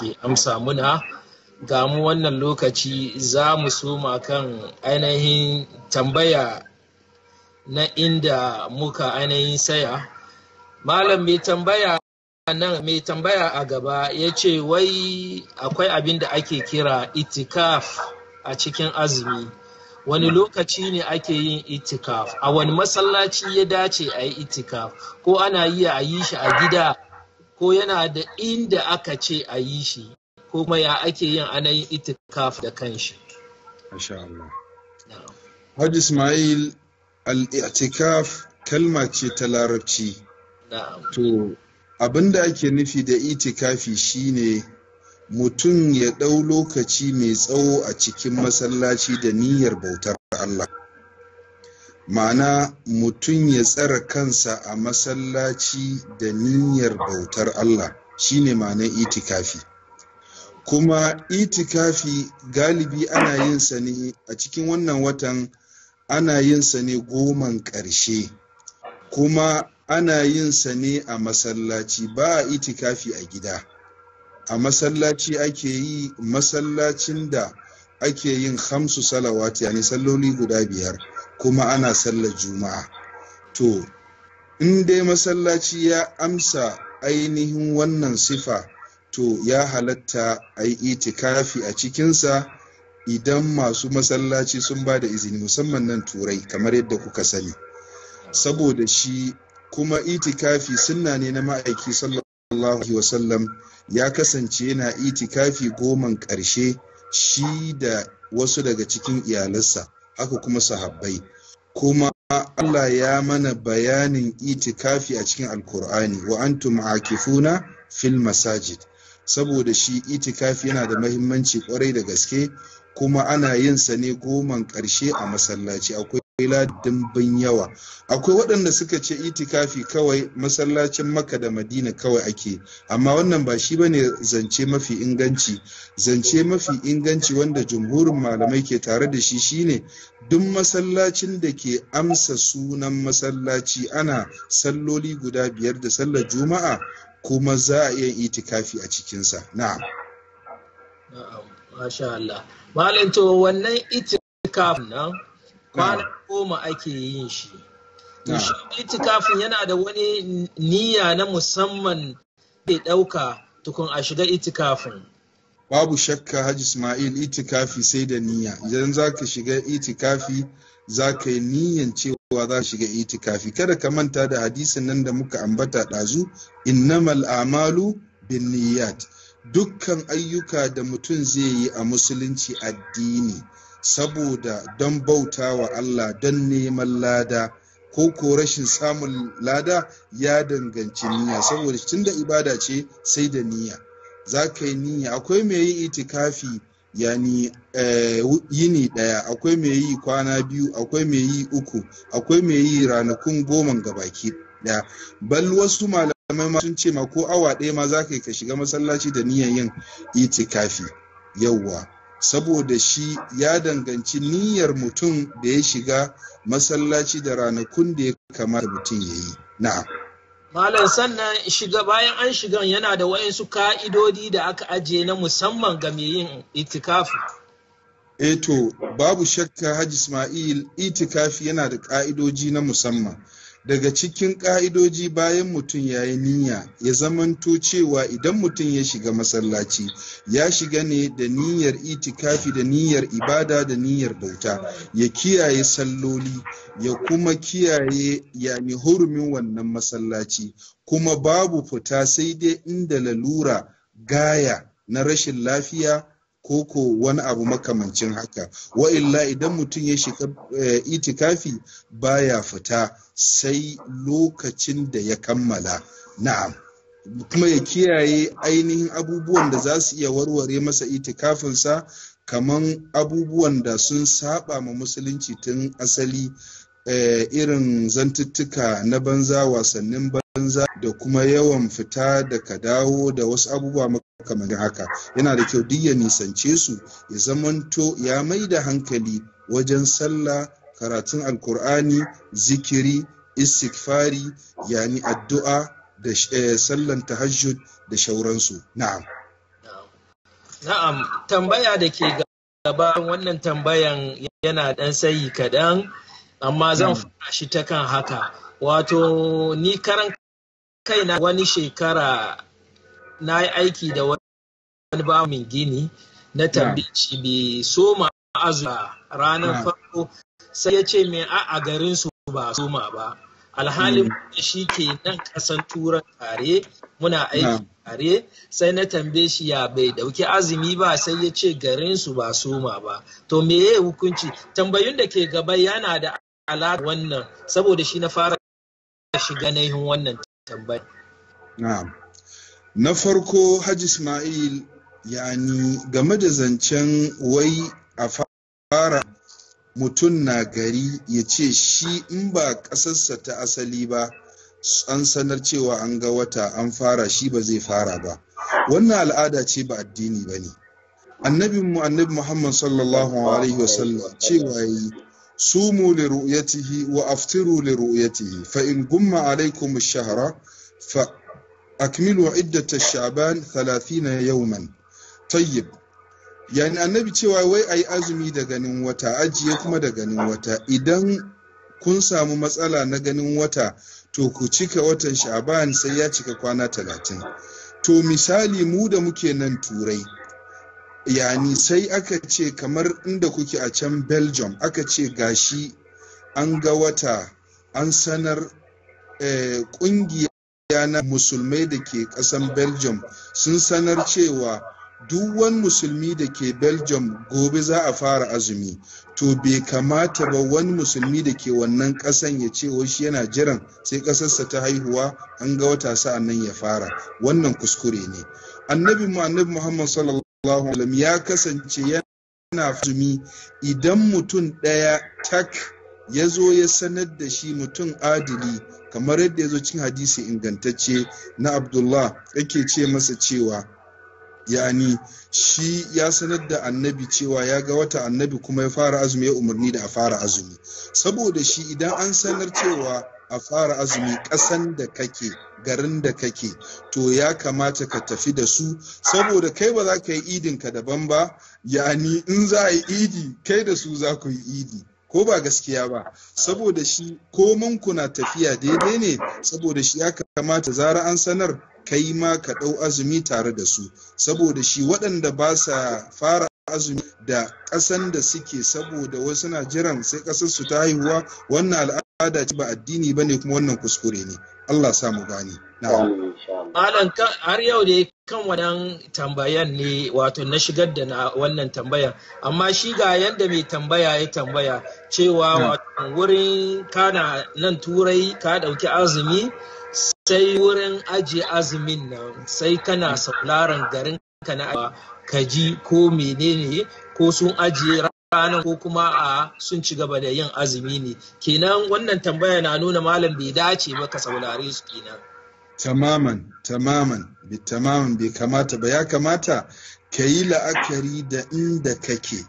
ke amsa muna ga mu wannan lokaci za mu soma kan ainihin tambaya na inda muka ainihin saya malam mai tambaya nan mai tambaya a gaba ya ce wai akwai abin da ake kira itikaf a cikin azumi wani lokaci ne ake yin itikaf a wani masallaci ya dace a yi itikaf ko ana iya a yi shi a gida ko yana da inda aka ce a yi shi kuma ya ake yin ana yin itikaf da kanshi Allah. Hajji Ismail al-i'tikaf kalma ce ta larabci. To abinda ake nufi da itikafi shine mutum ya ɗau lokaci mai tsawo a cikin masallaci da niyyar bautar Allah. ma'ana mutum ya tsara kansa a masallaci da niyyar bautar Allah shine ma'ana itikafi kuma itikafi galibi ana yin sa ne a cikin wannan watan ana yin sa ne goman ƙarshe kuma ana yin sa ne a masallaci ba a itikafi a gida a masallaci ake yi masallacin da ake yin hamsu salawati yani salloli guda biyar kuma ana sallar juma'a to in dai masallaci ya amsa ainihin wannan sifa to ya halatta a yi itikafi a cikinsa idan masu masallaci sun ba da izini musamman nan turai kamar yadda kuka sani saboda shi kuma itikafi suna ne na ma'aiki sallallahu alaihi wasallam ya kasance yana itikafi goman ƙarshe shi da wasu daga cikin iyalansa haka kuma sahabbai kuma Allah ya mana bayanin itikafi a cikin alkur'ani wa antum akifuna fil masajid saboda shi itikafi yana da mahimmanci kwarai da gaske kuma ana yin sa ne goman karshe a masallaci akwai ila dimbin yawa akwai waɗanda suka ce itikafi kawai masallacin maka da madina kawai ake amma wannan ba shi bane zance mafi inganci zance mafi inganci wanda jumhurin malamai ke tare da shi shine duk masallacin da ke amsa sunan masallaci ana salloli guda biyar da sallar juma'a kuma za a iya itikafi a cikinsa na'am masha Allah to wannan nan kwanan goma ake yin shi to shi itikafin yana da wani niyya na musamman da ɗauka tukun a shiga itikafin babu shakka haji ismail itikafi sai da niyya idan za ka shiga itikafi za ka yi niyyan cewa za ka shiga itikafi kada ka manta da hadisin nan da muka ambata ɗazu innamal amalu bin niyyat dukkan ayyuka da mutum zai yi a musulunci addini saboda don bauta wa Allah don neman lada ko ko rashin samun lada ya danganci niyya saboda da ibada ce sai da niyya za ka yi niyya akwai mai yi itikafi yani eh, yini daya akwai mai yi kwana biyu akwai mai yi uku akwai mai yi ranakun goman gabaki daya bal wasu malamai ma sun ce ma ko awa ɗaya ma za ka yi ka shiga masallaci da niyan yin itikafi yauwa saboda shi ya danganci niyyar mutum da ya shiga masallaci da ranakun da ya kamata mutum ya yi na'am malam sannan shiga bayan an shigan yana da wayansu ka'idodi da aka ajiye na musamman ga mai yin itikafi eto eh babu shakka haji ismail itikafi yana da ka'idoji na musamman daga cikin ƙa'idoji bayan mutum ya yi niyya ya zamanto cewa idan mutum ya shiga masallaci ya shiga ne da niyyar itikafi da niyyar ibada da niyyar bauta ya kiyaye salloli ya kuma kiyaye yani hurumin wannan masallaci kuma babu fita sai dai inda lalura gaya na rashin lafiya Koko, wani abu makamancin haka wa illa idan mutum ya shiga eh, itikafi baya fita sai lokacin da ya kammala na'am kuma ya kiyaye ainihin abubuwan da za su iya warware masa itikafinsa kaman abubuwan da sun saba ma musulunci tun asali eh, irin zantuttuka na banza wasannin banza da kuma yawan fita da ka dawo da wasu abubuwa makamantan haka yana da kyau duk ya nisance su ya zamanto ya mai da hankali wajen sallah karatun alkur'ani zikiri istighfari yani addu'a da eh, sallan tahajjud da shauransu na'am na'am tambaya da ke gaba wannan tambayan yana dan sayi kaɗan amma zan fara shi ta kan haka wato ni karan kaina wani shekara na yi aiki da wani bamin gini na tambaye shi soma azu ranar ah. farko sai ya ce mai a a garin su ba soma ba alhalin hmm. shi ke nan kasan turan tare muna aiki ah. tare sai na tambaye shi ya bai dauki azumi ba sai ya ce garin su ba soma ba to me ya hukunci tambayun da ke gaba yana da alaƙa wannan saboda shi na fara shiga yi wannan na farko Haji Ismail yani game da zancen wai a fara mutum na gari ya ce shi in ba ƙasarsa ta asali ba an sanar cewa an ga wata an fara shi ba zai fara ba wannan al'ada ce ba addini ba ne annabinmu annabi muhammad sallallahu alaihi wasallam cewa yi sumu li ru'yatihi wa aftiru li ru'yatihi fa in gumma alaikum ash-shahra fa akmilu iddata ash-sha'ban 30 yawman tayyib yani annabi cewa wai ayi azumi da ganin wata ajiye kuma da ganin wata idan kun samu matsala na ganin wata to ku cika watan sha'ban sai ya cika kwana 30 to misali mu da muke nan turai yani sai aka ce kamar inda kuke a can belgium aka ce gashi an ga wata an sanar kungiya eh, na musulmai da ke kasan belgium sun sanar cewa duk wani musulmi da ke belgium gobe za a fara azumi to bai kamata ba wani musulmi da ke wannan kasan ya ce shi yana jiran sai kasarsa ta haihuwa an ga wata sa'an nan ya fara wannan kuskure ne annabi mu annabi muhammad sallallahu sallallahu ya kasance yana fazumi idan mutum ɗaya tak ya zo ya sanar da shi mutum adili kamar yadda ya zo cin hadisi ingantacce na abdullah yake ce masa cewa yani shi ya sanar da annabi cewa ya ga wata annabi kuma ya fara azumi ya umarni da a fara azumi saboda shi idan an sanar cewa a fara azumi ƙasan da kake garin da kake to ya kamata ka tafi da su saboda kai ba za ka yi idin ka daban ba yani in za a yi idi kai da su za ku yi idi ko ba gaskiya ba saboda shi ko munku na tafiya daidai ne saboda shi ya kamata zara an sanar kai ma ka ɗau azumi tare da su saboda shi waɗanda ba sa fara azumi da ƙasan da suke saboda wasu na jiran sai ƙasar su ta haihuwa wannan al'ada al'ada ce ba addini ba ne kuma wannan kuskure ne Allah sa mu gani Malam har yau da kan wannan tambayan ne wato na shigar da na wannan tambayan amma shi ga yadda mai tambaya ya tambaya cewa wato wurin kana nan turai ka dauki azumi sai wurin aji azumin nan sai kana sauraron garin ka na ka ji ko menene ko sun ajiye ranar ko kuma a sun ci gaba da yin azumi ne kenan wannan tambaya na nuna malam bai dace ba ka saurare su kenan tamaman tamaman bi tamaman bai kamata ba ya kamata ka yi la'akari da inda kake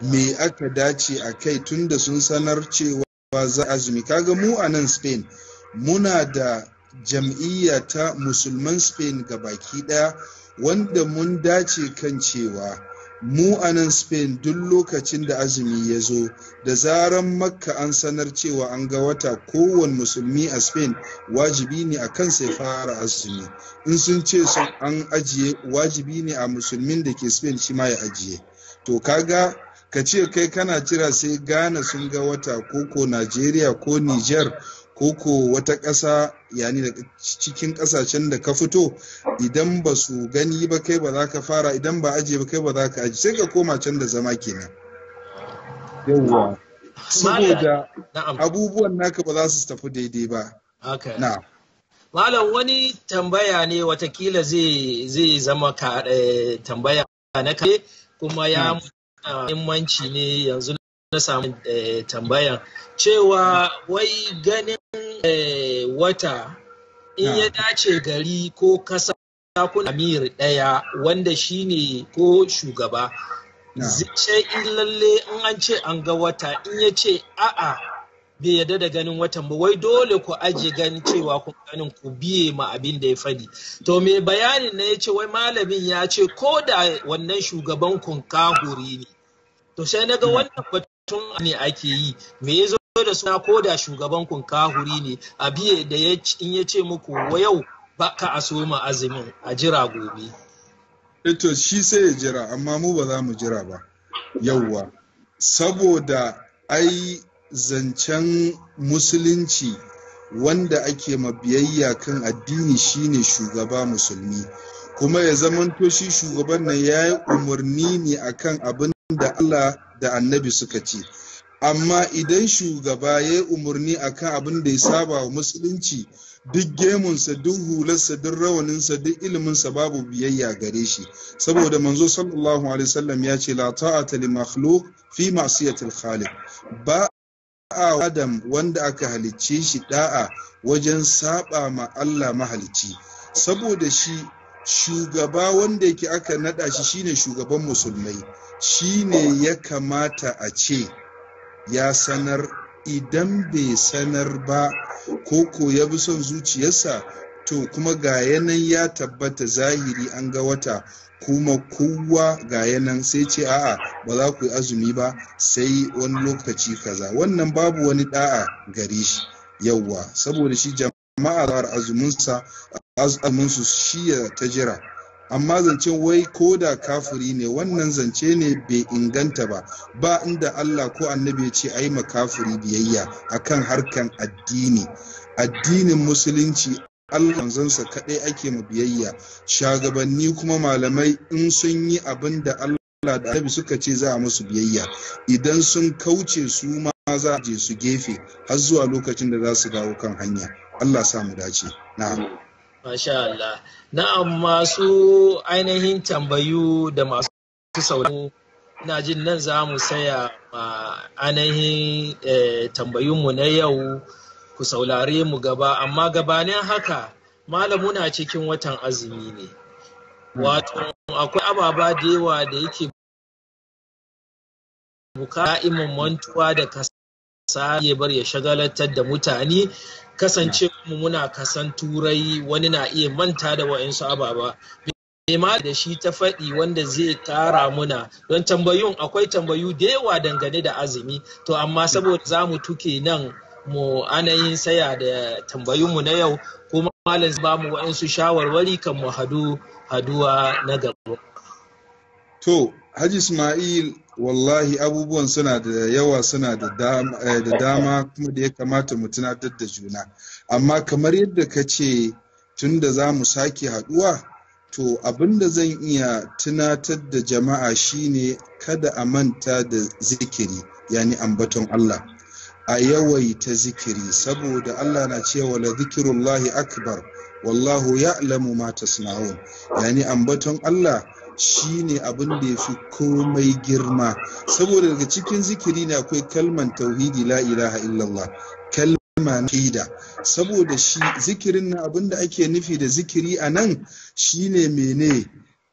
me aka dace a kai tunda sun sanar cewa za azumi kaga mu a nan spain muna da jam'iyya ta musulman spain ga baki daya wanda mun dace kan cewa mu a nan spain duk lokacin da azumi ya zo da zaran makka an sanar cewa an ga wata kowane musulmi a spain wajibi ne a kan sai fara azumi in sun ce sun an ajiye wajibi ne a musulmin da ke spain shi ma ya ajiye to kaga ka ce kai kana jira sai ghana sun ga wata koko ko nigeria ko niger koko wata ƙasa yani da cikin ƙasashen da ka fito idan ba su gani ba kai ba za ka fara idan ba aje ba kai ba za ka aje sai ka koma can da zama kenan yawwa saboda abubuwan naka ba za su tafi daidai ba na malam wani tambaya ne watakila zai zama eh, tambaya na kuma ya hmm. muhimmanci ne yanzu na samu eh, tambaya cewa wai ganin eh, wata in ya dace gari ko kasa kuna amir ɗaya wanda shine ko shugaba zai in lalle in an ce an ga wata in ya ce a'a bai yarda da ganin watan ba wai dole ku aje ganin cewa kun ganin ku biye ma abin da ya fadi to me bayanin na ya ce wai malamin ya ce ko da wannan shugaban kun kahuri ne to sai na ga wannan tun ne ake yi me ya zo da suna ko da shugaban kun kahuri ne a biye da in ya ce muku yau ba ka a ma azumin a jira gobe eto eh shi sai ya jira amma mu ba za mu jira ba yauwa saboda ai zancen musulunci wanda ake ma biyayya kan addini shine shugaba musulmi kuma ya zamanto shi shugaban nan ya yi umarni ne akan abin da Allah da annabi suka ce amma idan shugaba ya yi umarni akan abin da ya saba wa musulunci duk gemunsa duk hularsa duk rawaninsa duk iliminsa babu biyayya gare shi saboda manzo sallallahu alaihi wasallam ya ce la ta'ata li makhluq fi ma'siyatil khaliq ba a adam wanda aka halicce shi da'a wajen saba ma Allah mahalicci saboda shi shugaba wanda yake aka nada shi shine shugaban musulmai shine ya kamata a ce ya sanar idan bai sanar ba ko ko ya bi son zuciyarsa to kuma ga yanan ya tabbata zahiri an ga wata kuma kowa ga yanan sai ce a'a ba za ku yi azumi ba sai wani lokaci kaza wannan babu wani da'a gare shi yauwa saboda shi jama amma a azuminsa azuminsu shi ya ta jira amma zancen wai ko da kafiri ne wannan zance ne bai inganta ba ba inda Allah ko annabi ya ce a yi makafiri biyayya a kan harkan addini addinin musulunci Allah zansa kaɗai ake ma biyayya shagabanni kuma malamai in sun yi abin da Allah da annabi suka ce za a musu biyayya idan sun kauce su ma ma za a je su gefe har zuwa lokacin da za su dawo kan hanya Allah sa mu dace na'am masha Allah na'am masu ainihin tambayu da masu sauraro ina jin nan za mu saya ainihin eh, tambayunmu na yau ku saulare mu gaba amma gabanin haka malamu na cikin watan azumi ne hmm. wato akwai ababa da yawa da yake buka imin mantuwa da kasa ya bar ya shagalatar da mutane kasance mu muna kasan turai wani na iya manta da wa'insu ababa ma da shi ta faɗi wanda zai tara muna don tambayun akwai tambayu da yawa dangane da azumi to amma saboda za mu tuke nan mu anayin saya da mu na yau kuma malam ba mu wa'insu shawarwari kan mu hadu haduwa na gaba to haji ismail wallahi abubuwan suna da yawa suna eh, da dama kuma da ya kamata mu tunatar da juna amma kamar yadda ka ce tun da za mu sake haduwa to abin da zan iya tunatar da jama'a shine kada a manta da zikiri yani ambaton Allah a yawaita zikiri saboda Allah na cewa la zikirullahi akbar wallahu ya'lamu ma tasna'un yani ambaton Allah Shi ne abin da ya fi komai girma saboda daga cikin zikiri ne akwai kalman tauhidi la ilaha illallah kalma na saboda shi zikirin na abin da ake nufi da zikiri a nan ne mene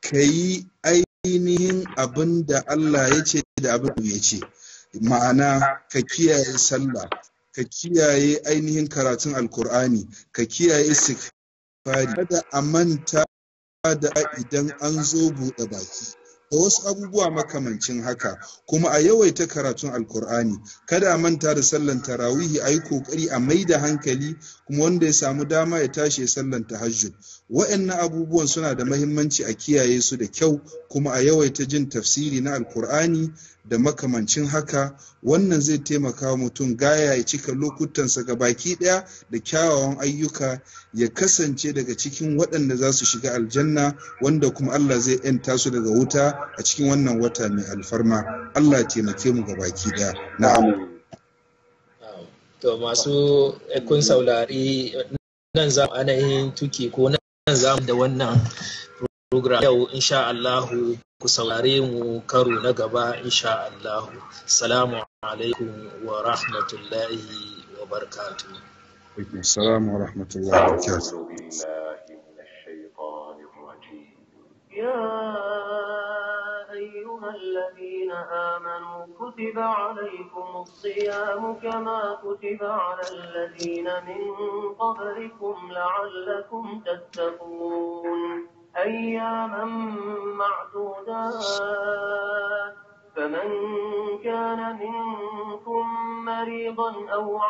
ka yi ainihin abin da Allah ya ce da abin da ya ce ma'ana ka kiyaye sallah ka kiyaye ainihin karatun alkur'ani ka kiyaye istighfari kada a manta da idan an zo buɗe baki da wasu abubuwa makamancin haka kuma a yawaita karatun alkur'ani kada a manta da sallan tarawihi a yi kokari a mai da hankali kuma wanda ya samu dama ya tashi ya sallan tahajjud wa'annan abubuwan suna da mahimmanci a kiyaye su da kyau kuma a yawaita jin tafsiri na alkur'ani da makamancin haka wannan zai taimaka mutum gaya ya cika lokutansa ga baki ɗaya da kyawawan ayyuka ya kasance daga cikin waɗanda za su shiga aljanna wanda kuma Allah zai ‘yanta su daga wuta a cikin wannan wata mai alfarma Allah ya taimake mu ga baki ɗaya na'am to masu eh, kun saurari nan za mu yin tuki ko nan za mu da wannan program yau insha Allahu ku saurare mu karo na gaba insha Allahu salamu alaikum wa rahmatullahi wa barakatuh. Assalamu wa rahmatullahi wa barakatuh. كتب عليكم الصيام كما كتب على الذين من قبلكم لعلكم تتقون أياما معدودات فمن كان منكم مريضا أو